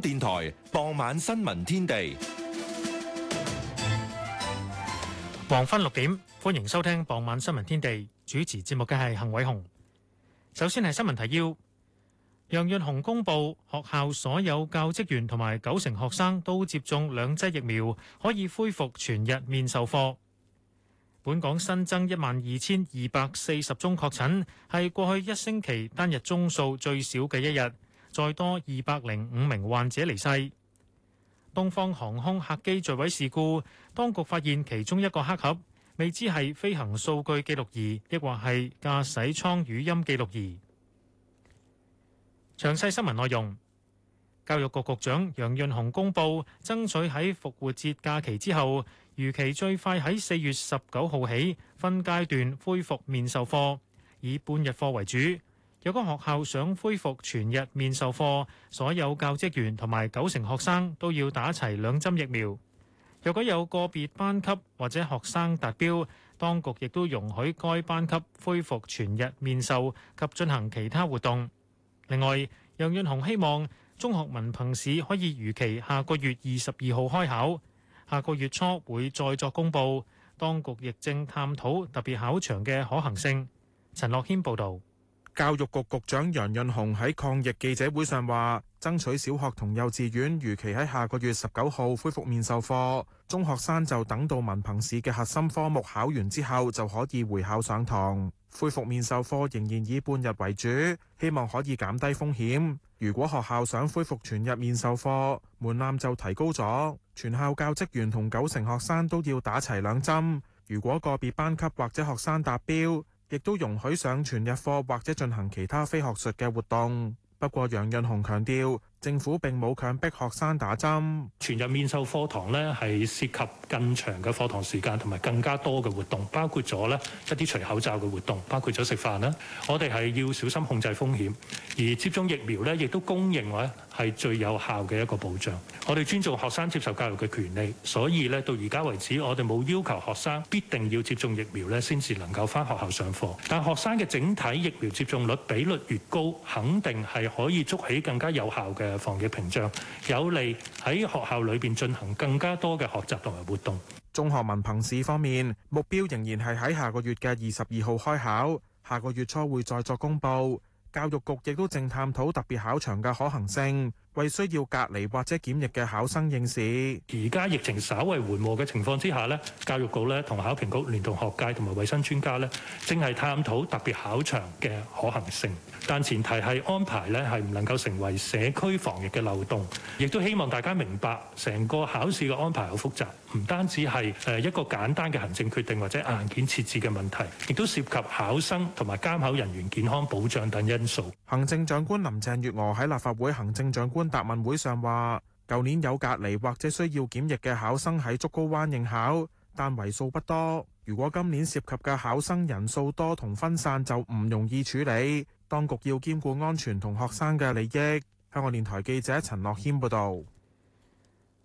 電台傍晚新聞天地，黃昏六點，歡迎收聽傍晚新聞天地。主持節目嘅係幸偉雄。首先係新聞提要：楊潤雄公布學校所有教職員同埋九成學生都接種兩劑疫苗，可以恢復全日面授課。本港新增一萬二千二百四十宗確診，係過去一星期單日宗數最少嘅一日。再多二百零五名患者離世。東方航空客機墜毀事故，當局發現其中一個黑盒，未知係飛行數據記錄儀亦或係駕駛艙語音記錄儀。詳細新聞內容，教育局局長楊潤雄公布，爭取喺復活節假期之後預期，最快喺四月十九號起，分階段恢復面授課，以半日課為主。有個學校想恢復全日面授課，所有教職員同埋九成學生都要打齊兩針疫苗。若果有個別班級或者學生達標，當局亦都容許該班級恢復全日面授及進行其他活動。另外，楊潤雄希望中學文憑試可以如期下個月二十二號開考，下個月初會再作公佈。當局亦正探討特別考場嘅可行性。陳樂軒報導。教育局局長楊潤雄喺抗疫記者會上話，爭取小學同幼稚園如期喺下個月十九號恢復面授課，中學生就等到文憑試嘅核心科目考完之後就可以回校上堂。恢復面授課仍然以半日為主，希望可以減低風險。如果學校想恢復全日面授課，門檻就提高咗，全校教職員同九成學生都要打齊兩針。如果個別班級或者學生達標，亦都容許上全日課或者進行其他非學術嘅活動。不過，楊潤雄強調。政府並冇強迫學生打針。全日面授課堂咧，係涉及更長嘅課堂時間，同埋更加多嘅活動，包括咗咧一啲除口罩嘅活動，包括咗食飯啦。我哋係要小心控制風險，而接種疫苗咧，亦都公認為係最有效嘅一個保障。我哋尊重學生接受教育嘅權利，所以咧，到而家為止，我哋冇要求學生必定要接種疫苗咧，先至能夠翻學校上課。但學生嘅整體疫苗接種率比率越高，肯定係可以捉起更加有效嘅。嘅防嘅屏障，有利喺學校裏邊進行更加多嘅學習同埋活動。中學文憑試方面，目標仍然係喺下個月嘅二十二號開考，下個月初會再作公佈。教育局亦都正探討特別考場嘅可行性。為需要隔離或者檢疫嘅考生應試。而家疫情稍為緩和嘅情況之下咧，教育局咧同考評局聯同學界同埋衛生專家咧，正係探討特別考場嘅可行性。但前提係安排咧係唔能夠成為社區防疫嘅漏洞。亦都希望大家明白，成個考試嘅安排好複雜，唔單止係誒一個簡單嘅行政決定或者硬件設置嘅問題，亦都涉及考生同埋監考人員健康保障等因素。行政長官林鄭月娥喺立法會行政長官。答問會上話，舊年有隔離或者需要檢疫嘅考生喺竹篙灣應考，但為數不多。如果今年涉及嘅考生人數多同分散，就唔容易處理。當局要兼顧安全同學生嘅利益。香港電台記者陳樂軒報導。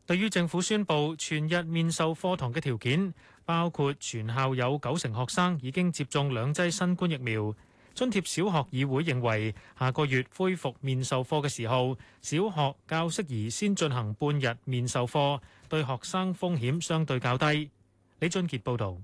對於政府宣布全日面授課堂嘅條件，包括全校有九成學生已經接種兩劑新冠疫苗。津貼小學議會認為，下個月恢復面授課嘅時候，小學較適宜先進行半日面授課，對學生風險相對較低。李俊杰報道，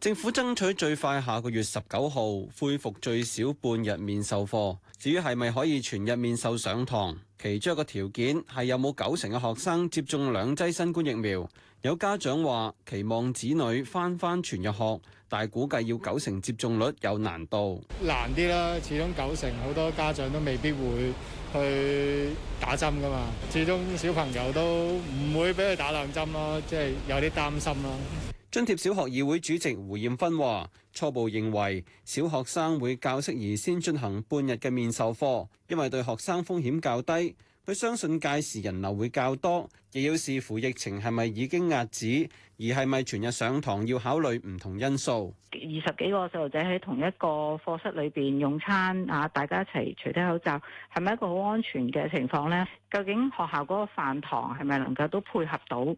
政府爭取最快下個月十九號恢復最少半日面授課，至於係咪可以全日面授上堂，其中一個條件係有冇九成嘅學生接種兩劑新冠疫苗。有家長話期望子女翻翻全日學，但估計要九成接種率有難度，難啲啦。始終九成好多家長都未必會去打針噶嘛，始終小朋友都唔會俾佢打兩針咯，即係有啲擔心咯。津貼小學議會主席胡豔芬話：初步認為小學生會較適宜先進行半日嘅面授課，因為對學生風險較低。佢相信屆時人流會較多。亦要視乎疫情係咪已經壓止，而係咪全日上堂要考慮唔同因素。二十幾個細路仔喺同一個課室裏邊用餐啊，大家一齊除低口罩，係咪一個好安全嘅情況呢？究竟學校嗰個飯堂係咪能夠都配合到呢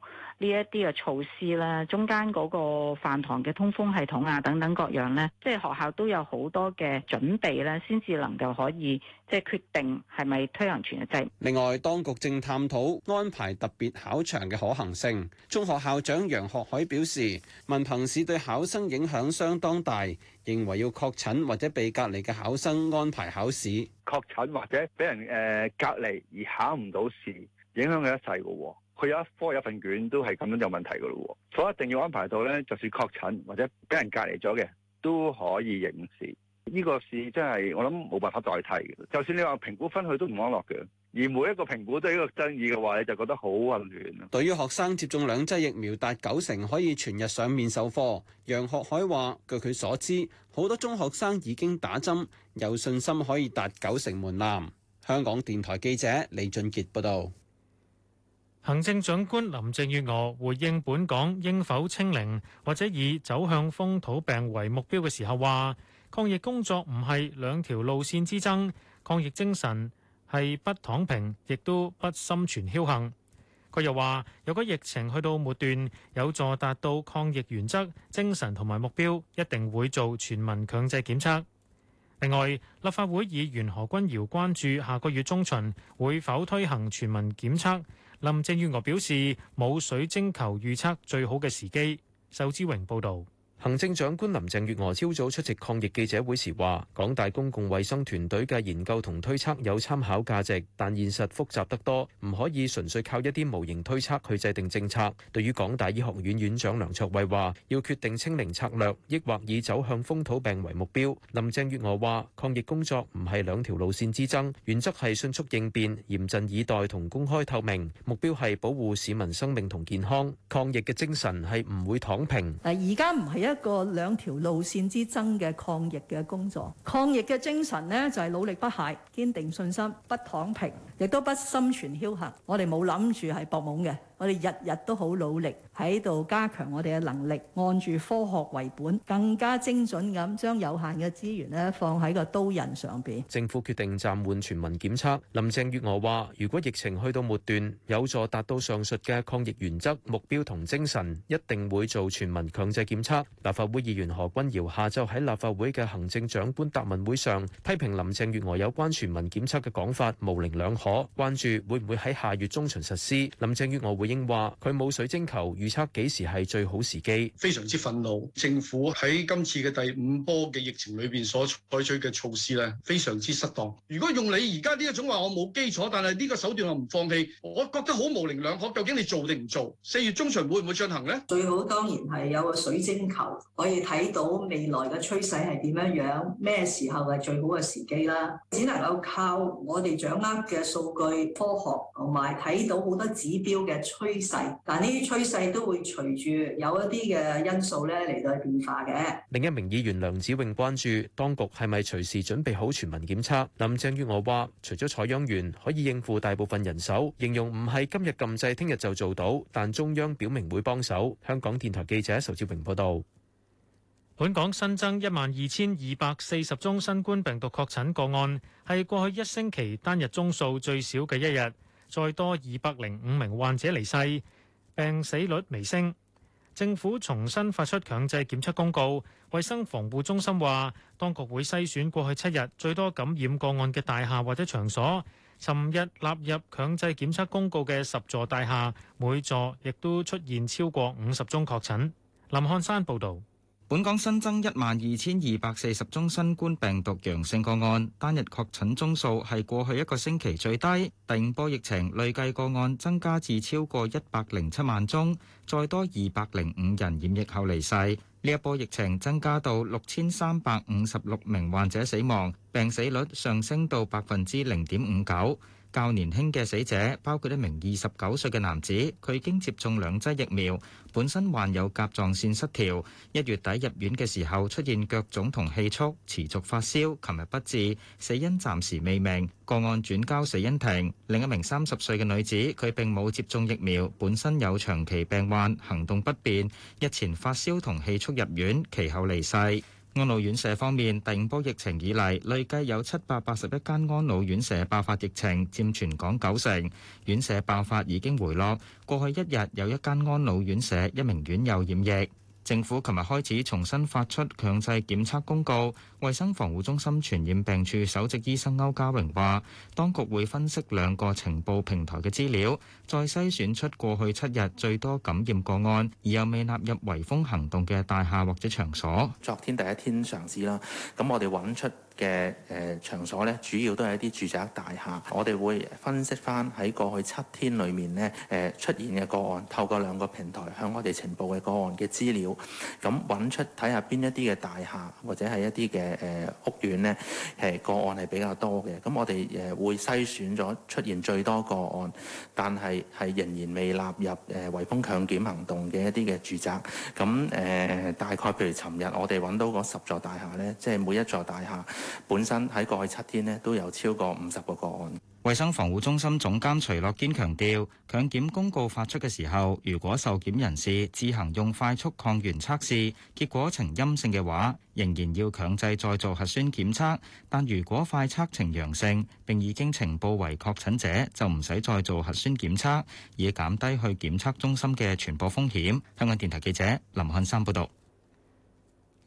一啲嘅措施咧？中間嗰個飯堂嘅通風系統啊，等等各樣呢，即係學校都有好多嘅準備咧，先至能夠可以即係決定係咪推行全日制。另外，當局正探討安排特別考場嘅可行性，中學校長楊學海表示，文憑試對考生影響相當大，認為要確診或者被隔離嘅考生安排考試。確診或者俾人誒，隔離而考唔到試，影響佢一世嘅。佢有一科有一份卷都係咁樣有問題嘅咯，所以我一定要安排到咧，就算確診或者俾人隔離咗嘅，都可以應試。呢、這個事真係，我諗冇辦法代替嘅。就算你話評估分佢都唔安落嘅。而每一個評估都係一個爭議嘅話，你就覺得好混亂。對於學生接種兩劑疫苗達九成，可以全日上面授課，楊學海話：據佢所知，好多中學生已經打針，有信心可以達九成門檻。香港電台記者李俊傑報導。行政長官林鄭月娥回應本港應否清零，或者以走向風土病為目標嘅時候話：抗疫工作唔係兩條路線之爭，抗疫精神。係不躺平，亦都不心存僥幸。佢又話，如果疫情去到末段，有助達到抗疫原則、精神同埋目標，一定會做全民強制檢測。另外，立法會議員何君堯關注下個月中旬會否推行全民檢測。林鄭月娥表示冇水晶球預測最好嘅時機。仇之榮報導。行政長官林鄭月娥朝早出席抗疫記者會時話：港大公共衛生團隊嘅研究同推測有參考價值，但現實複雜得多，唔可以純粹靠一啲模型推測去制定政策。對於港大醫學院院長梁卓偉話：要決定清零策略，抑或以走向風土病為目標。林鄭月娥話：抗疫工作唔係兩條路線之爭，原則係迅速應變、嚴陣以待同公開透明，目標係保護市民生命同健康。抗疫嘅精神係唔會躺平。但而家唔係一一個兩條路線之爭嘅抗疫嘅工作，抗疫嘅精神咧就係努力不懈、堅定信心、不躺平。亦都不心存僥倖，我哋冇諗住係搏懵嘅，我哋日日都好努力喺度加強我哋嘅能力，按住科學為本，更加精準咁將有限嘅資源咧放喺個刀刃上邊。政府決定暫緩全民檢測，林鄭月娥話：如果疫情去到末段，有助達到上述嘅抗疫原則目標同精神，一定會做全民強制檢測。立法會議員何君堯下晝喺立法會嘅行政長官答問會上批評林鄭月娥有關全民檢測嘅講法模棱兩可。我關注會唔會喺下月中旬實施？林鄭月娥回應話：佢冇水晶球，預測幾時係最好時機。非常之憤怒，政府喺今次嘅第五波嘅疫情裏邊所採取嘅措施咧，非常之失當。如果用你而家呢一種話，我冇基礎，但係呢個手段我唔放棄，我覺得好模棱兩可。究竟你做定唔做？四月中旬會唔會進行呢？最好當然係有個水晶球可以睇到未來嘅趨勢係點樣樣，咩時候係最好嘅時機啦。只能夠靠我哋掌握嘅數數據科學同埋睇到好多指標嘅趨勢，但呢啲趨勢都會隨住有一啲嘅因素咧嚟到變化嘅。另一名議員梁子穎關注當局係咪隨時準備好全民檢測？林鄭月娥話：除咗採樣員可以應付大部分人手，形容唔係今日禁制，聽日就做到，但中央表明會幫手。香港電台記者仇志榮報道。本港新增一萬二千二百四十宗新冠病毒確診個案，係過去一星期單日宗數最少嘅一日，再多二百零五名患者離世，病死率微升。政府重新發出強制檢測公告，衛生防護中心話當局會篩選過去七日最多感染個案嘅大廈或者場所。尋日納入強制檢測公告嘅十座大廈每座亦都出現超過五十宗確診，林漢山報道。本港新增一萬二千二百四十宗新冠病毒陽性個案，單日確診宗數係過去一個星期最低。第五波疫情累計個案增加至超過一百零七萬宗，再多二百零五人染疫後離世。呢一波疫情增加到六千三百五十六名患者死亡，病死率上升到百分之零點五九。較年輕嘅死者包括一名二十九歲嘅男子，佢已經接種兩劑疫苗，本身患有甲狀腺失調，一月底入院嘅時候出現腳腫同氣促，持續發燒，琴日不治，死因暫時未明，個案轉交死因庭。另一名三十歲嘅女子，佢並冇接種疫苗，本身有長期病患，行動不便，日前發燒同氣促入院，其後離世。安老院舍方面，第五波疫情以嚟，累計有七百八十一間安老院舍爆發疫情，佔全港九成。院舍爆發已經回落，過去一日有一間安老院舍一名院友染疫。政府琴日開始重新發出強制檢測公告。衞生防護中心傳染病處首席醫生歐家榮話，當局會分析兩個情報平台嘅資料，再篩選出過去七日最多感染個案而又未納入圍封行動嘅大廈或者場所。昨天第一天嘗試啦，咁我哋揾出嘅誒、呃、場所咧，主要都係一啲住宅大廈。我哋會分析翻喺過去七天裏面咧，誒、呃、出現嘅個案，透過兩個平台向我哋呈報嘅個案嘅資料，咁揾出睇下邊一啲嘅大廈或者係一啲嘅誒屋苑呢，誒個案係比較多嘅。咁我哋誒會篩選咗出現最多個案，但係係仍然未納入誒圍封強檢行動嘅一啲嘅住宅。咁誒、呃、大概譬如尋日我哋揾到嗰十座大廈呢，即係每一座大廈，本身喺過去七天呢都有超過五十個個案。衛生防護中心總監徐樂堅強調，強檢公告發出嘅時候，如果受檢人士自行用快速抗原測試結果呈陰性嘅話，仍然要強制再做核酸檢測；但如果快測呈陽性並已經呈報為確診者，就唔使再做核酸檢測，以減低去檢測中心嘅傳播風險。香港電台記者林漢山報道。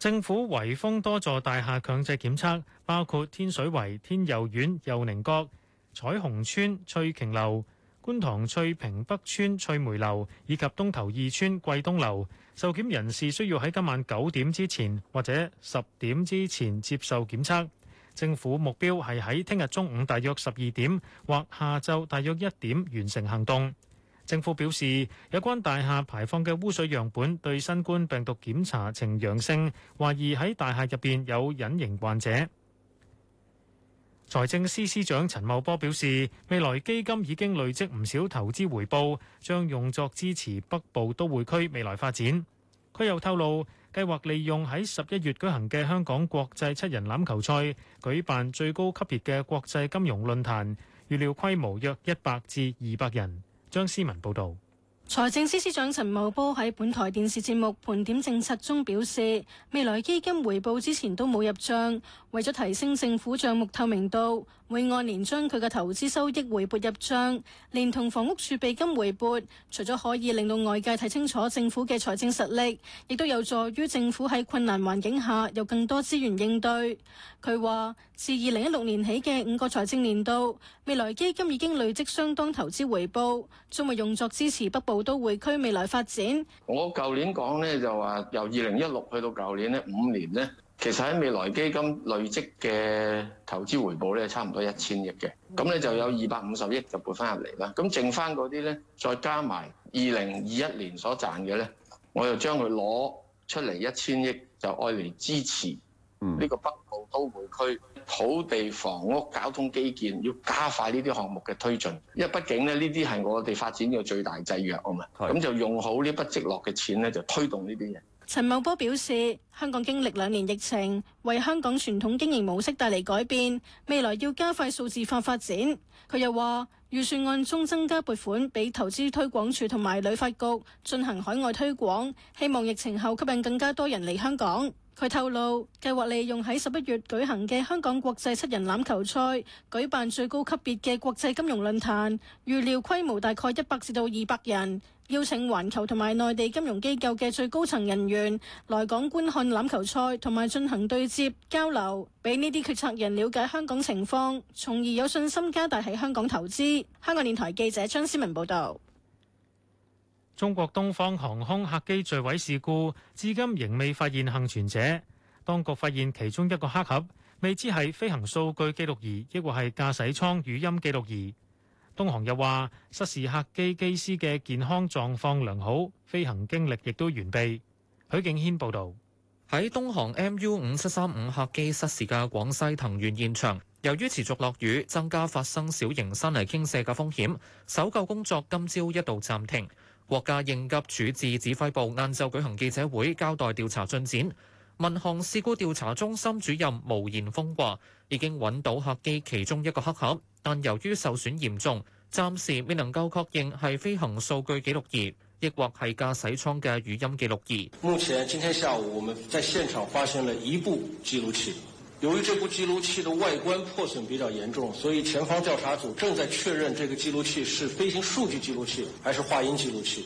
政府圍封多座大廈強制檢測，包括天水圍天佑苑、佑寧閣、彩虹村翠瓊樓、觀塘翠屏北村翠梅樓以及東頭二村貴東樓。受檢人士需要喺今晚九點之前或者十點之前接受檢測。政府目標係喺聽日中午大約十二點或下晝大約一點完成行動。政府表示，有關大廈排放嘅污水樣本對新冠病毒檢查呈陽性，懷疑喺大廈入邊有隱形患者。財政司司長陳茂波表示，未來基金已經累積唔少投資回報，將用作支持北部都會區未來發展。佢又透露，計劃利用喺十一月舉行嘅香港國際七人欖球賽舉辦最高級別嘅國際金融論壇，預料規模約一百至二百人。張思文報道，財政司司長陳茂波喺本台電視節目《盤點政策》中表示，未來基金回報之前都冇入賬，為咗提升政府賬目透明度。會按年將佢嘅投資收益回撥入帳，連同房屋儲備金回撥，除咗可以令到外界睇清楚政府嘅財政實力，亦都有助於政府喺困難環境下有更多資源應對。佢話：自二零一六年起嘅五個財政年度，未來基金已經累積相當投資回報，將會用作支持北部都會區未來發展。我舊年講呢，就話，由二零一六去到舊年呢五年呢。其實喺未來基金累積嘅投資回報咧，差唔多一千億嘅，咁咧、嗯、就有二百五十億就撥翻入嚟啦。咁、嗯、剩翻嗰啲咧，再加埋二零二一年所賺嘅咧，我又就將佢攞出嚟一千億，就愛嚟支持呢個北部都會區土地、房屋、交通基建，要加快呢啲項目嘅推進。因為畢竟咧，呢啲係我哋發展嘅最大制約啊嘛。咁是就用好呢筆積落嘅錢咧，就推動呢啲嘢。陳茂波表示，香港經歷兩年疫情，為香港傳統經營模式帶嚟改變，未來要加快數字化發展。佢又話，預算案中增加撥款俾投資推廣署同埋旅發局進行海外推廣，希望疫情後吸引更加多人嚟香港。佢透露，計劃利用喺十一月舉行嘅香港國際七人欖球賽舉辦最高級別嘅國際金融論壇，預料規模大概一百至到二百人。邀請環球同埋內地金融機構嘅最高層人員來港觀看欖球賽同埋進行對接交流，俾呢啲決策人了解香港情況，從而有信心加大喺香港投資。香港電台記者張思文報道。中國東方航空客機墜毀事故至今仍未發現倖存者，當局發現其中一個黑盒，未知係飛行數據記錄儀，亦或係駕駛艙語音記錄儀。東航又話，失事客機機師嘅健康狀況良好，飛行經歷亦都完備。許敬軒報導，喺東航 MU 五七三五客機失事嘅廣西藤縣現場，由於持續落雨，增加發生小型山泥傾瀉嘅風險，搜救工作今朝一度暫停。國家應急處置指揮部晏晝舉行記者會，交代調查進展。民航事故調查中心主任毛延峰話，已經揾到客機其中一個黑盒，但由於受損嚴重，暫時未能夠確認係飛行數據記錄儀，亦或係駕駛艙嘅語音記錄儀。目前今天下午我們在現場發現了一部記錄器，由於這部記錄器的外觀破損比較嚴重，所以前方調查組正在確認這個記錄器是飛行數據記錄器，還是話音記錄器。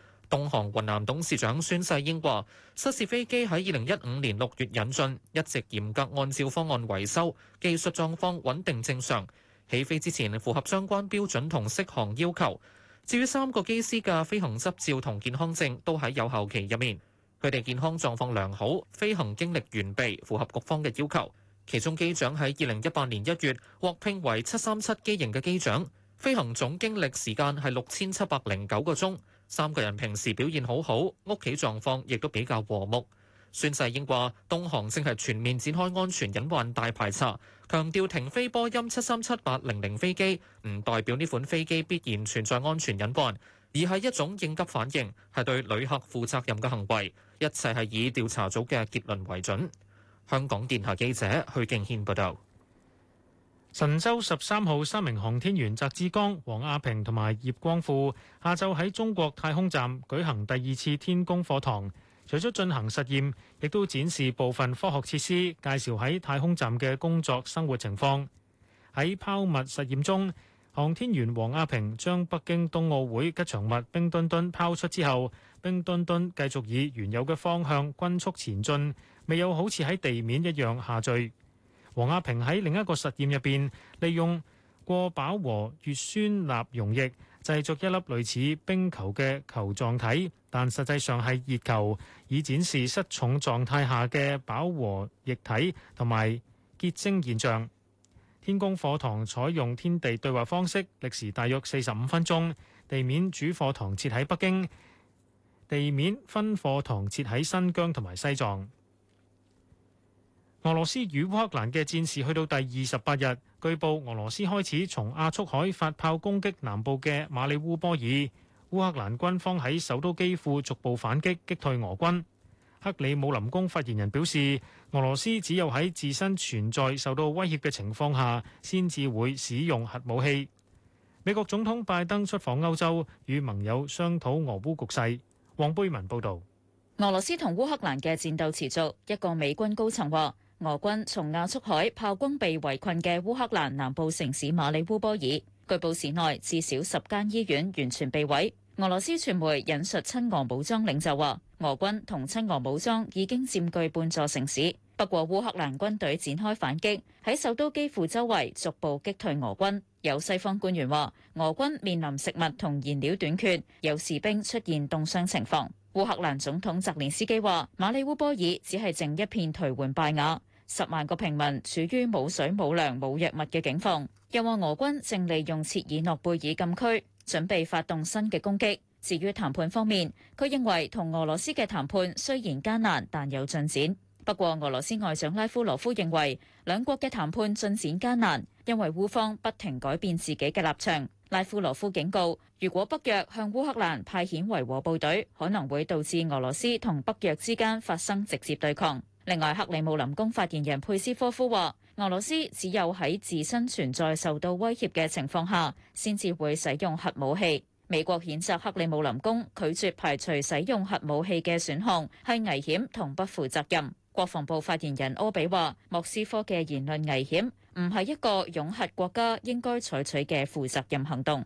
東航雲南董事長孫世英話，失事飛機喺二零一五年六月引進，一直嚴格按照方案維修，技術狀況穩定正常。起飛之前符合相關標準同適航要求。至於三個機師嘅飛行執照同健康證都喺有效期入面，佢哋健康狀況良好，飛行經歷完備，符合局方嘅要求。其中機長喺二零一八年一月獲聘為七三七機型嘅機長，飛行總經歷時間係六千七百零九個鐘。三個人平時表現好好，屋企狀況亦都比較和睦。孫世英話：東航正係全面展開安全隱患大排查，強調停飛波音七三七八零零飛機唔代表呢款飛機必然存在安全隱患，而係一種應急反應，係對旅客負責任嘅行為。一切係以調查組嘅結論為準。香港電台記者許敬軒報導。神舟十三號三名航天員翟志剛、王亞平同埋葉光富下晝喺中國太空站舉行第二次天宮課堂，除咗進行實驗，亦都展示部分科學設施，介紹喺太空站嘅工作生活情況。喺拋物實驗中，航天員王亞平將北京冬奧會吉祥物冰墩墩拋出之後，冰墩墩繼續以原有嘅方向均速前進，未有好似喺地面一樣下墜。王亞平喺另一個實驗入邊，利用過飽和乙酸鈉溶液製作一粒類似冰球嘅球狀體，但實際上係熱球，以展示失重狀態下嘅飽和液體同埋結晶現象。天宮課堂採用天地對話方式，歷時大約四十五分鐘。地面主課堂設喺北京，地面分課堂設喺新疆同埋西藏。俄羅斯與烏克蘭嘅戰事去到第二十八日，據報俄羅斯開始從亞速海發炮攻擊南部嘅馬里烏波爾，烏克蘭軍方喺首都基輔逐步反擊，擊退俄軍。克里姆林宮發言人表示，俄羅斯只有喺自身存在受到威脅嘅情況下，先至會使用核武器。美國總統拜登出訪歐洲，與盟友商討俄烏局勢。黃貝文報道，俄羅斯同烏克蘭嘅戰鬥持續。一個美軍高層話。俄軍從亞速海炮轟被圍困嘅烏克蘭南部城市馬里烏波爾，據報市內至少十間醫院完全被毀。俄羅斯傳媒引述親俄武裝領袖話：俄軍同親俄武裝已經佔據半座城市。不過烏克蘭軍隊展開反擊，喺首都基輔周圍逐步擊退俄軍。有西方官員話，俄軍面臨食物同燃料短缺，有士兵出現凍傷情況。烏克蘭總統澤連斯基話：馬里烏波爾只係剩一片頹垣敗瓦。十萬個平民處於冇水冇糧冇藥物嘅境況，又話俄軍正利用切爾諾貝爾禁區準備發動新嘅攻擊。至於談判方面，佢認為同俄羅斯嘅談判雖然艱難，但有進展。不過俄羅斯外長拉夫羅夫認為兩國嘅談判進展艱難，因為烏方不停改變自己嘅立場。拉夫羅夫警告，如果北約向烏克蘭派遣維和部隊，可能會導致俄羅斯同北約之間發生直接對抗。另外，克里姆林宮發言人佩斯科夫話，俄羅斯只有喺自身存在受到威脅嘅情況下，先至會使用核武器。美國譴責克里姆林宮拒絕排除使用核武器嘅選項係危險同不負責任。國防部發言人柯比話，莫斯科嘅言論危險，唔係一個擁核國家應該採取嘅負責任行動。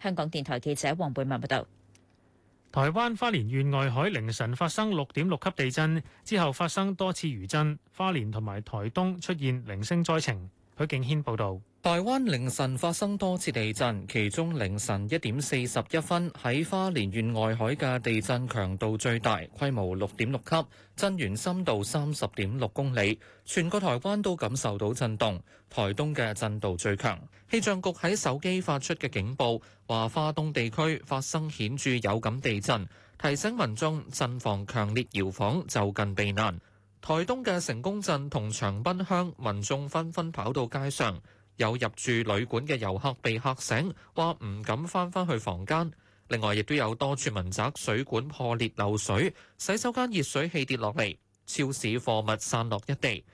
香港電台記者黃貝文報道：台灣花蓮縣外海凌晨發生六點六級地震之後，發生多次餘震，花蓮同埋台東出現零星災情。許景軒報道，台灣凌晨發生多次地震，其中凌晨一點四十一分喺花蓮縣外海嘅地震強度最大，規模六點六級，震源深度三十點六公里，全個台灣都感受到震動，台東嘅震度最強。氣象局喺手機發出嘅警報，話花東地區發生顯著有感地震，提醒民眾謹防強烈搖晃，就近避難。台東嘅成功鎮同長濱鄉民眾紛紛跑到街上，有入住旅館嘅遊客被嚇醒，話唔敢翻返去房間。另外，亦都有多處民宅水管破裂漏水，洗手間熱水器跌落嚟，超市貨物散落一地。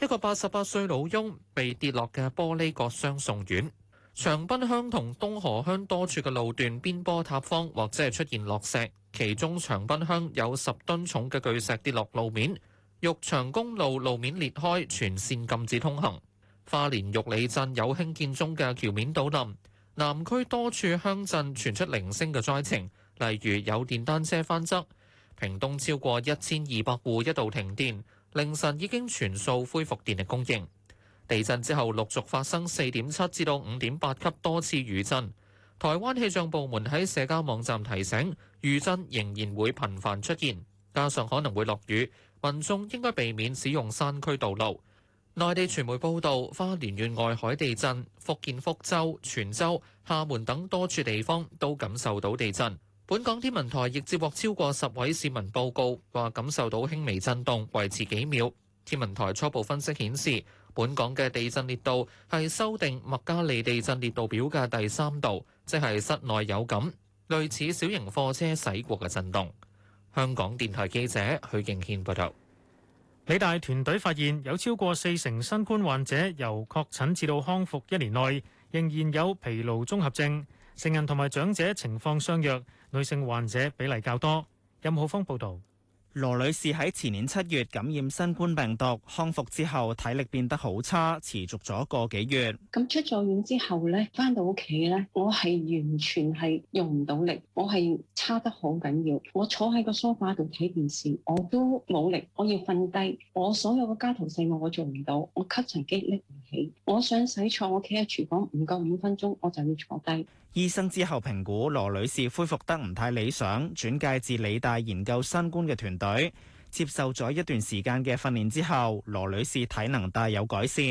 一個八十八歲老翁被跌落嘅玻璃割傷送院。長濱鄉同東河鄉多處嘅路段邊坡塌方，或者係出現落石，其中長濱鄉有十噸重嘅巨石跌落路面。玉長公路路面裂開，全線禁止通行。花蓮玉里鎮有興建中嘅橋面倒冧。南區多處鄉鎮傳出零星嘅災情，例如有電單車翻側。屏東超過一千二百戶一度停電，凌晨已經全數恢復電力供應。地震之後陸續發生四點七至到五點八級多次餘震。台灣氣象部門喺社交網站提醒，餘震仍然會頻繁出現，加上可能會落雨。民眾應該避免使用山區道路。內地傳媒報道，花蓮縣外海地震，福建福州、泉州、廈門等多處地方都感受到地震。本港天文台亦接獲超過十位市民報告，話感受到輕微震動，維持幾秒。天文台初步分析顯示，本港嘅地震烈度係修訂麥加利地震烈度表嘅第三度，即係室內有感，類似小型貨車駛過嘅震動。香港電台記者許敬憲報道，理大團隊發現有超過四成新冠患者由確診至到康復一年內仍然有疲勞綜合症，成人同埋長者情況相若，女性患者比例較多。任浩峰報道。羅女士喺前年七月感染新冠病毒康復之後，體力變得好差，持續咗個幾月。咁出咗院之後咧，返到屋企咧，我係完全係用唔到力，我係差得好緊要。我坐喺個梳化度睇電視，我都冇力，我要瞓低，我所有嘅家頭細務，我做唔到，我吸塵肌力。我想洗坐，我企喺廚房唔夠五分鐘，我就要坐低。醫生之後評估羅女士恢復得唔太理想，轉介至理大研究新冠嘅團隊，接受咗一段時間嘅訓練之後，羅女士體能大有改善。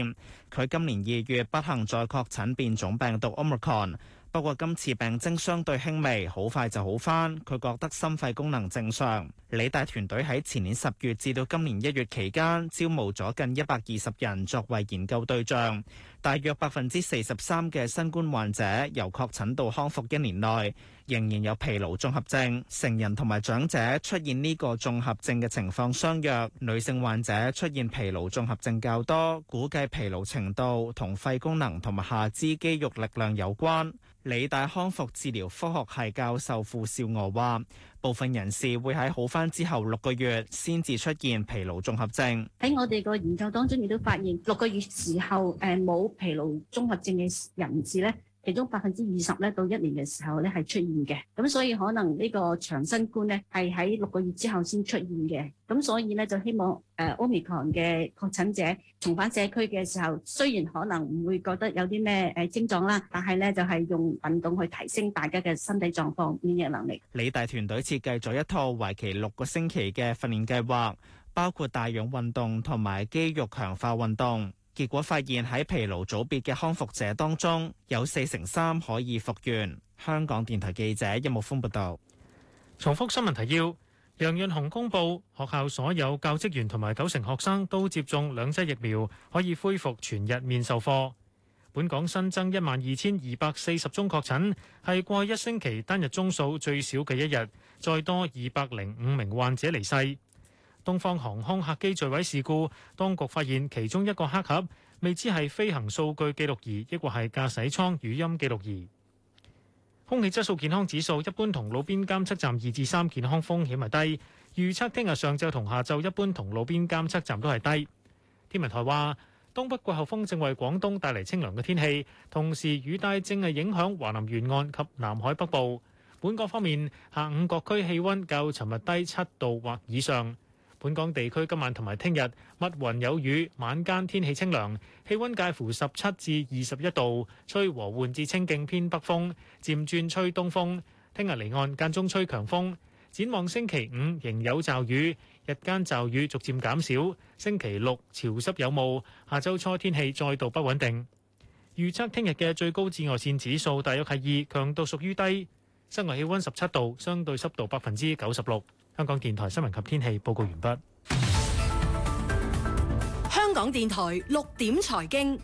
佢今年二月不幸再確診變種病毒 omicron。不過，今次病徵相對輕微，好快就好返。佢覺得心肺功能正常。理大團隊喺前年十月至到今年一月期間招募咗近一百二十人作為研究對象，大約百分之四十三嘅新冠患者由確診到康復一年內仍然有疲勞綜合症。成人同埋長者出現呢個綜合症嘅情況相若，女性患者出現疲勞綜合症較多，估計疲勞程度同肺功能同埋下肢肌肉力量有關。理大康復治療科學系教授傅少娥話，部分人士會喺好返之後六個月先至出現疲勞綜合症。喺我哋個研究當中，亦都發現六個月之後，誒、呃、冇疲勞綜合症嘅人士咧。其中百分之二十咧，到一年嘅時候咧係出現嘅，咁所以可能呢個長新冠咧係喺六個月之後先出現嘅，咁所以咧就希望誒 Omicron 嘅確診者重返社區嘅時候，雖然可能唔會覺得有啲咩誒症狀啦，但係咧就係用運動去提升大家嘅身體狀況、免疫能力。理大團隊設計咗一套為期六個星期嘅訓練計劃，包括帶氧運動同埋肌肉強化運動。結果發現喺疲勞組別嘅康復者當中有四成三可以復原。香港電台記者一木豐報導。重複新聞提要：楊潤雄公布學校所有教職員同埋九成學生都接種兩劑疫苗，可以恢復全日面授課。本港新增一萬二千二百四十宗確診，係過去一星期單日宗數最少嘅一日，再多二百零五名患者離世。東方航空客機墜毀事故，當局發現其中一個黑盒，未知係飛行數據記錄儀，亦或係駕駛艙語音記錄儀。空氣質素健康指數一般同路邊監測站二至三，健康風險係低。預測聽日上晝同下晝一般同路邊監測站都係低。天文台話，東北季候風正為廣東帶嚟清涼嘅天氣，同時雨帶正係影響華南沿岸及南海北部。本港方面，下午各區氣温較尋日低七度或以上。本港地區今晚同埋聽日密雲有雨，晚間天氣清涼，氣温介乎十七至二十一度，吹和緩至清勁偏北風，漸轉吹東風。聽日離岸間中吹強風。展望星期五仍有驟雨，日間驟雨逐漸減少。星期六潮濕有霧，下周初天氣再度不穩定。預測聽日嘅最高紫外線指數大約係二，強度屬於低。室外氣溫十七度，相對濕度百分之九十六。香港電台新聞及天氣報告完畢。香港電台六點財經，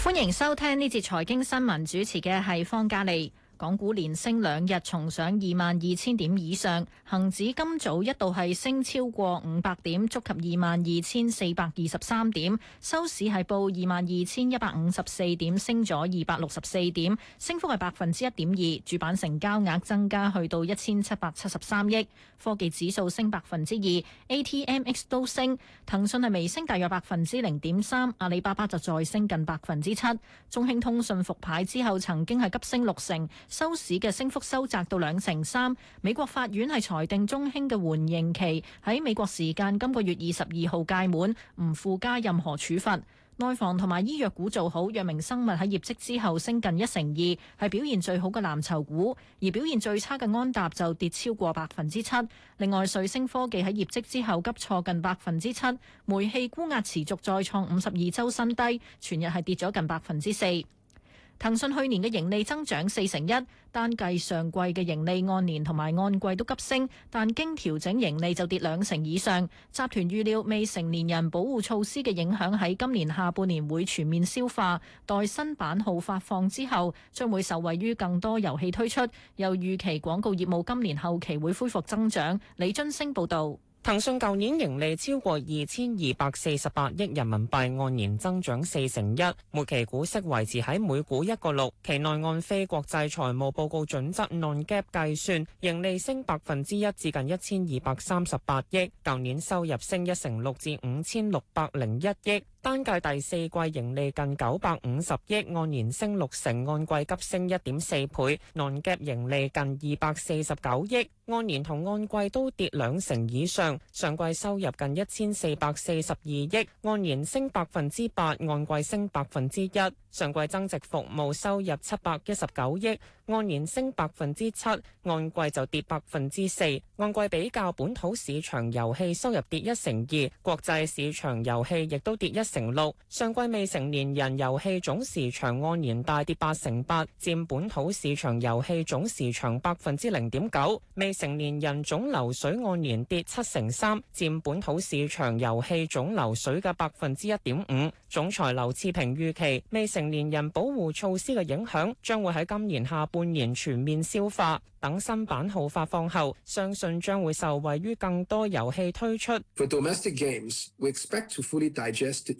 歡迎收聽呢節財經新聞，主持嘅係方嘉利。港股連升兩日，重上二萬二千點以上。恒指今早一度係升超過五百點，觸及二萬二千四百二十三點，收市係報二萬二千一百五十四點，升咗二百六十四點，升幅係百分之一點二。主板成交額增加去到一千七百七十三億。科技指數升百分之二，ATMX 都升，騰訊係微升大約百分之零點三，阿里巴巴就再升近百分之七。中興通訊復牌之後，曾經係急升六成。收市嘅升幅收窄到兩成三。美國法院係裁定中興嘅緩刑期喺美國時間今個月二十二號屆滿，唔附加任何處罰。內房同埋醫藥股做好，藥明生物喺業績之後升近一成二，係表現最好嘅藍籌股。而表現最差嘅安踏就跌超過百分之七。另外，瑞聲科技喺業績之後急挫近百分之七。煤氣沽壓持續再創五十二周新低，全日係跌咗近百分之四。騰訊去年嘅盈利增長四成一，單計上季嘅盈利按年同埋按季都急升，但經調整盈利就跌兩成以上。集團預料未成年人保護措施嘅影響喺今年下半年會全面消化，待新版號發放之後，將會受惠於更多遊戲推出，又預期廣告業務今年後期會恢復增長。李津升報導。騰訊舊年盈利超過二千二百四十八億人民幣，按年增長四成一，末期股息維持喺每股一個六。期內按非國際財務報告準則 Non-GAAP 計算，盈利升百分之一至近一千二百三十八億，舊年收入升一成六至五千六百零一億。單季第四季盈利近九百五十億，按年升六成，按季急升一點四倍。Non-GAAP 盈利近二百四十九億，按年同按季都跌兩成以上。上季收入近一千四百四十二億，按年升百分之八，按季升百分之一。上季增值服務收入七百一十九億，按年升百分之七，按季就跌百分之四。按季比較，本土市場遊戲收入跌一成二，國際市場遊戲亦都跌一。成六上季未成年人遊戲總時長按年大跌八成八，佔本土市場遊戲總時長百分之零點九。未成年人總流水按年跌七成三，佔本土市場遊戲總流水嘅百分之一點五。總裁劉志平預期未成年人保護措施嘅影響將會喺今年下半年全面消化，等新版號發放後，相信將會受惠於更多遊戲推出。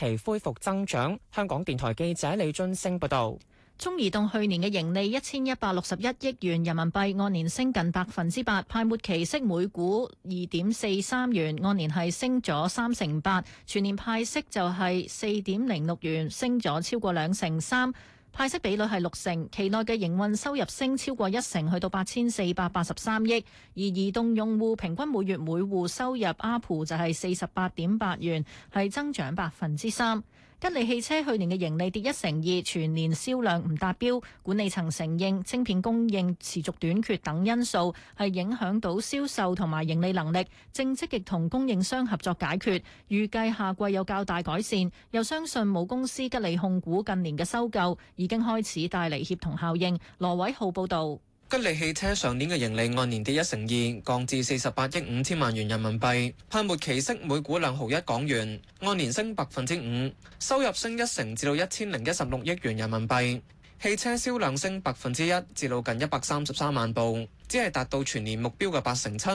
期恢復增長。香港電台記者李津升報導，中移動去年嘅盈利一千一百六十一億元人民幣，按年升近百分之八，派末期息每股二點四三元，按年係升咗三成八，全年派息就係四點零六元，升咗超過兩成三。派息比率係六成，期內嘅營運收入升超過一成，去到八千四百八十三億，而移動用戶平均每月每戶收入阿普就係四十八點八元，係增長百分之三。吉利汽車去年嘅盈利跌一成二，全年銷量唔達標，管理層承認芯片供應持續短缺等因素係影響到銷售同埋盈利能力，正積極同供應商合作解決，預計下季有較大改善。又相信母公司吉利控股近年嘅收購已經開始帶嚟協同效應。羅偉浩報導。吉利汽車上年嘅盈利按年跌一成二，降至四十八億五千萬元人民幣，派末期息每股兩毫一港元，按年升百分之五，收入升一成至到一千零一十六億元人民幣，汽車銷量升百分之一至到近一百三十三萬部，只係達到全年目標嘅八成七，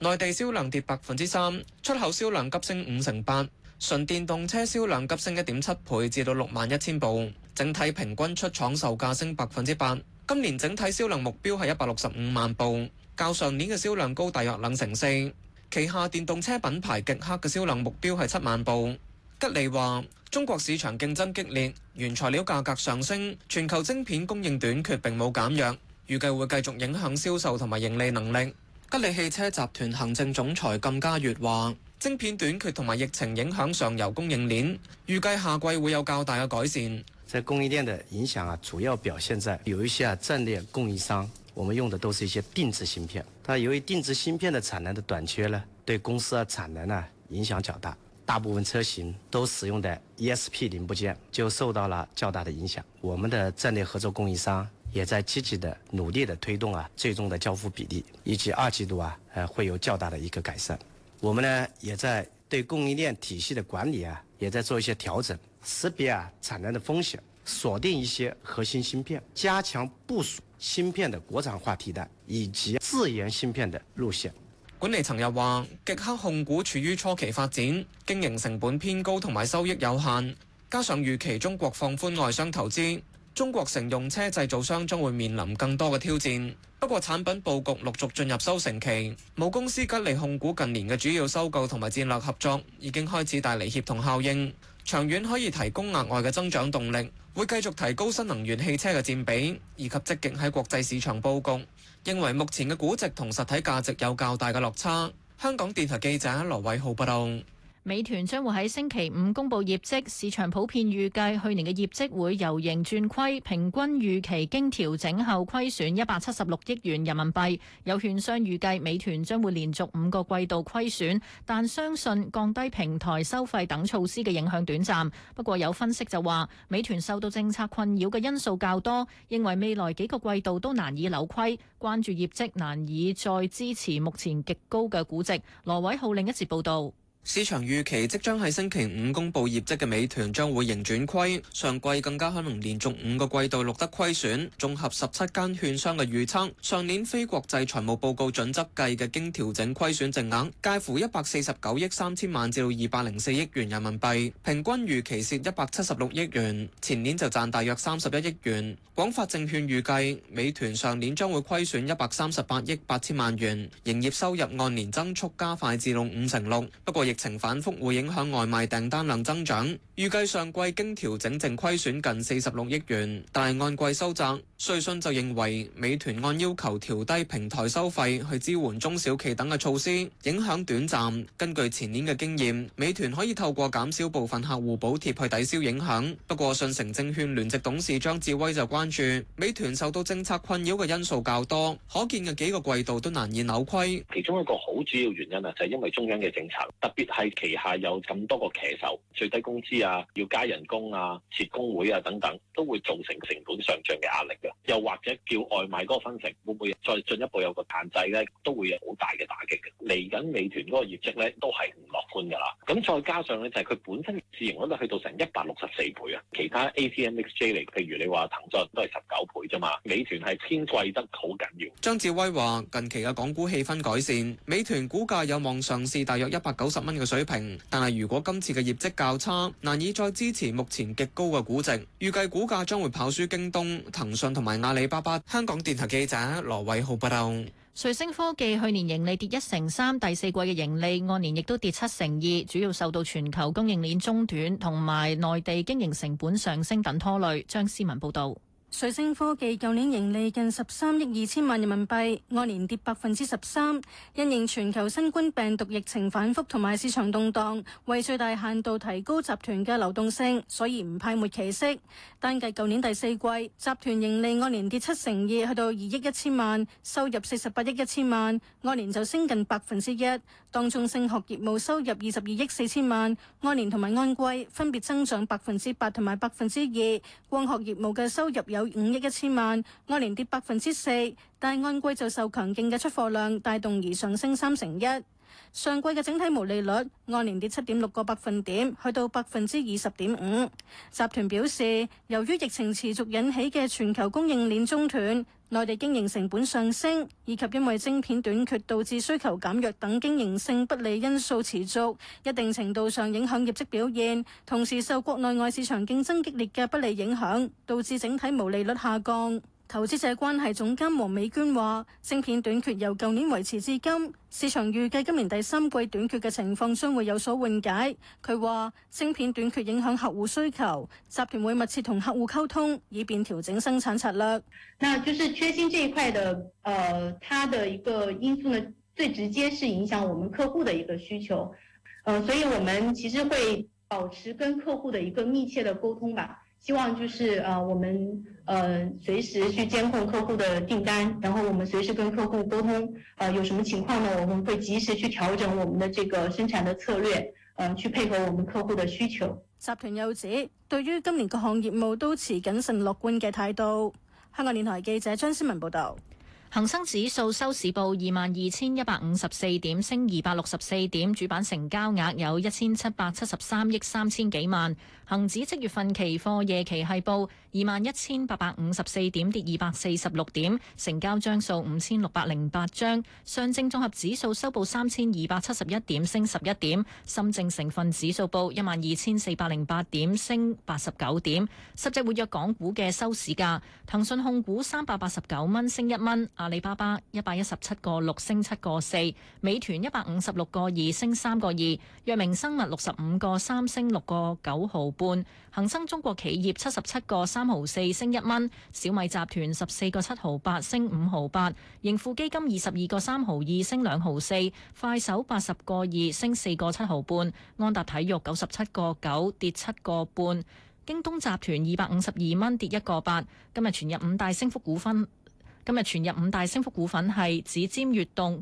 內地銷量跌百分之三，出口銷量急升五成八，純電動車銷量急升一點七倍至到六萬一千部，整體平均出廠售價升百分之八。今年整體銷量目標係一百六十五萬部，較上年嘅銷量高大約兩成四。旗下電動車品牌極氪嘅銷量目標係七萬部。吉利話：中國市場競爭激烈，原材料價格上升，全球晶片供應短缺並冇減弱，預計會繼續影響銷售同埋盈利能力。吉利汽車集團行政總裁淦家閱話：晶片短缺同埋疫情影響上游供應鏈，預計下季會有較大嘅改善。在供應鏈的影響啊，主要表現在有一些啊戰略供應商，我們用的都是一些定製芯片。它由於定製芯片的產能的短缺呢，對公司啊產能呢啊，影響較大。大部分車型都使用的 ESP 零部件就受到了較大的影響。我們的戰略合作供應商也在積極的努力的推動啊，最終的交付比例以及二季度啊，呃，會有較大的一個改善。我們呢也在對供應鏈體系的管理啊，也在做一些調整，識別啊產能的風險，鎖定一些核心芯片，加強部署芯片的國產化替代以及自研芯片的路線。管理層又話，極客控股處於初期發展，經營成本偏高同埋收益有限，加上預期中國放寬外商投資。中國乘用車製造商將會面臨更多嘅挑戰，不過產品佈局陸續進入收成期。母公司吉利控股近年嘅主要收購同埋戰略合作已經開始帶嚟協同效應，長遠可以提供額外嘅增長動力，會繼續提高新能源汽車嘅佔比，以及積極喺國際市場佈局。認為目前嘅估值同實體價值有較大嘅落差。香港電台記者羅偉浩報道。美團將會喺星期五公布業績，市場普遍預計去年嘅業績會由盈轉虧，平均預期經調整後虧損一百七十六億元人民幣。有券商預計美團將會連續五個季度虧損，但相信降低平台收費等措施嘅影響短暫。不過有分析就話，美團受到政策困擾嘅因素較多，認為未來幾個季度都難以扭虧，關注業績難以再支持目前極高嘅估值。羅偉浩另一節報道。市場預期即將喺星期五公布業績嘅美團將會盈轉虧，上季更加可能連續五個季度錄得虧損。綜合十七間券商嘅預測，上年非國際財務報告準則計嘅經調整虧損淨額介乎一百四十九億三千萬至二百零四億元人民幣，平均預期蝕一百七十六億元。前年就賺大約三十一億元。廣發證券預計，美團上年將會虧損一百三十八億八千萬元，營業收入按年增速加快至到五成六，不過。疫情反覆會影響外賣訂單量增長，預計上季經調整淨虧損近四十六億元。但按季收窄，瑞信就認為美團按要求調低平台收費去支援中小企等嘅措施影響短暫。根據前年嘅經驗，美團可以透過減少部分客戶補貼去抵消影響。不過，信誠證券聯席董事張智威就關注美團受到政策困擾嘅因素較多，可見嘅幾個季度都難以扭虧。其中一個好主要原因啊，就係因為中央嘅政策係旗下有咁多個騎手，最低工資啊，要加人工啊，設工會啊等等，都會造成成本上漲嘅壓力嘅。又或者叫外賣嗰個分成，會唔會再進一步有個限制咧？都會有好大嘅打擊嘅。嚟緊美團嗰個業績咧，都係唔樂觀噶啦。咁再加上咧，就係佢本身市盈率都去到成一百六十四倍啊。其他 ATMXJ 嚟，譬如你話騰訊都係十九倍啫嘛。美團係偏貴得好緊要。張智威話：近期嘅港股氣氛改善，美團股價有望上市，大約一百九十蚊嘅水平，但係如果今次嘅業績較差，難以再支持目前極高嘅估值，預計股價將會跑輸京東、騰訊同埋阿里巴巴。香港電台記者羅偉浩報道。瑞聲科技去年盈利跌一成三，第四季嘅盈利按年亦都跌七成二，主要受到全球供應鏈中斷同埋內地經營成本上升等拖累。張思文報道。瑞聲科技舊年盈利近十三億二千萬人民幣，按年跌百分之十三。因應全球新冠病毒疫情反覆同埋市場動盪，為最大限度提高集團嘅流動性，所以唔派末期息。單計舊年第四季，集團盈利按年跌七成二，去到二億一千萬，收入四十八億一千萬，按年就升近百分之一。當中聲學業務收入二十二億四千萬，按年同埋按季分別增長百分之八同埋百分之二。光學業務嘅收入有。有五億一千萬，按年跌百分之四，但按季就受強勁嘅出貨量帶動而上升三成一。上季嘅整體毛利率按年跌七點六個百分點，去到百分之二十點五。集團表示，由於疫情持續引起嘅全球供應鏈中斷，內地經營成本上升，以及因為晶片短缺導致需求減弱等經營性不利因素持續，一定程度上影響業績表現，同時受國內外市場競爭激烈嘅不利影響，導致整體毛利率下降。投資者關係總監黃美娟話，晶片短缺由舊年維持至今，市場預計今年第三季短缺嘅情況將會有所緩解。佢話，晶片短缺影響客戶需求，集團會密切同客戶溝通，以便調整生產策略。那就是缺芯這一塊的，呃，它的一個因素呢，最直接是影響我們客戶的一個需求，嗯、呃，所以我們其實會保持跟客戶的一個密切的溝通吧。希望就是，呃，我們，呃，隨時去監控客戶的訂單，然後我們隨時跟客戶溝通，呃，有什麼情況呢？我們會及時去調整我們的這個生產的策略，呃，去配合我們客戶的需求。集團又指，對於今年各項業務都持謹慎樂觀嘅態度。香港電台記者張思文報道。恆生指數收市報二萬二千一百五十四點，升二百六十四點，主板成交額有一千七百七十三億三千幾萬。恆指即月份期貨夜期係報。二萬一千八百五十四點，跌二百四十六點，成交張數五千六百零八張。上證綜合指數收報三千二百七十一點，升十一點。深證成分指數報一萬二千四百零八點，升八十九點。十隻活躍港股嘅收市價：騰訊控股三百八十九蚊，升一蚊；阿里巴巴一百一十七個六，升七個四；美團一百五十六個二，升三個二；藥明生物六十五個三，升六個九毫半。恒生中國企業七十七個三毫四升一蚊，小米集團十四個七毫八升五毫八，盈富基金二十二個三毫二升兩毫四，快手八十個二升四個七毫半，安踏體育九十七個九跌七個半，京東集團二百五十二蚊跌一個八。今日全日五大升幅股份，今日全日五大升幅股份係指尖悦動。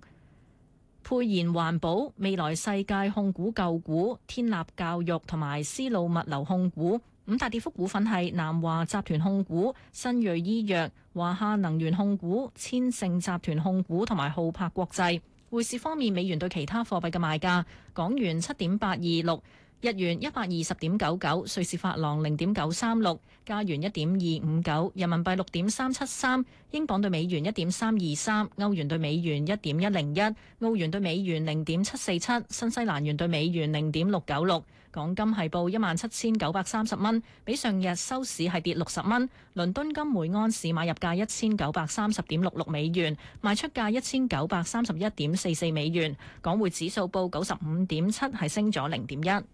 配賢環保、未來世界控股、舊股天立教育同埋絲路物流控股，五大跌幅股份係南華集團控股、新瑞醫藥、華夏能源控股、千盛集團控股同埋浩柏國際。匯市方面，美元對其他貨幣嘅賣價，港元七點八二六。日元一百二十點九九，瑞士法郎零點九三六，加元一點二五九，人民幣六點三七三，英鎊對美元一點三二三，歐元對美元一點一零一，澳元對美元零點七四七，新西蘭元對美元零點六九六。港金係報一萬七千九百三十蚊，比上日收市係跌六十蚊。倫敦金每安士買入價一千九百三十點六六美元，賣出價一千九百三十一點四四美元。港匯指數報九十五點七，係升咗零點一。